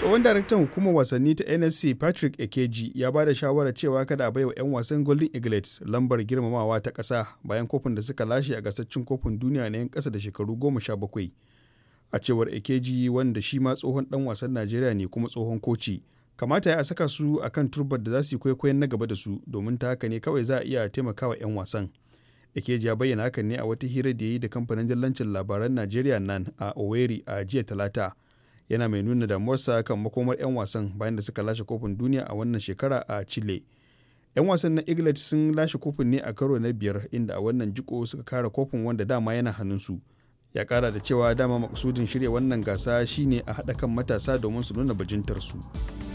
tsohon daraktan hukumar wasanni ta nsc patrick ekeji ya ba da shawarar cewa kada a baiwa 'yan wasan golden eagles lambar girmamawa ta ƙasa bayan kofin da suka lashe a gasaccin kofin duniya na 'yan kasa da shekaru goma sha bakwai a cewar ekeji wanda shi ma tsohon dan wasan najeriya ne kuma tsohon koci kamata ya a saka su a kan turbar da za su yi kwaikwayon na gaba da su domin ta haka ne kawai za a iya taimakawa 'yan wasan ekeji ya bayyana hakan ne a wata hira da ya yi da kamfanin jallancin labaran najeriya nan a oweri a jiya talata yana mai nuna damuwarsa kan makomar 'yan wasan bayan da suka lashe kofin duniya a wannan shekara a chile 'yan wasan na england sun lashe kofin ne a karo na biyar inda a wannan jiko suka kara kofin wanda dama yana hannunsu ya kara da cewa dama makusudin shirya wannan gasa shine a haɗa kan matasa domin su nuna bajintarsu. su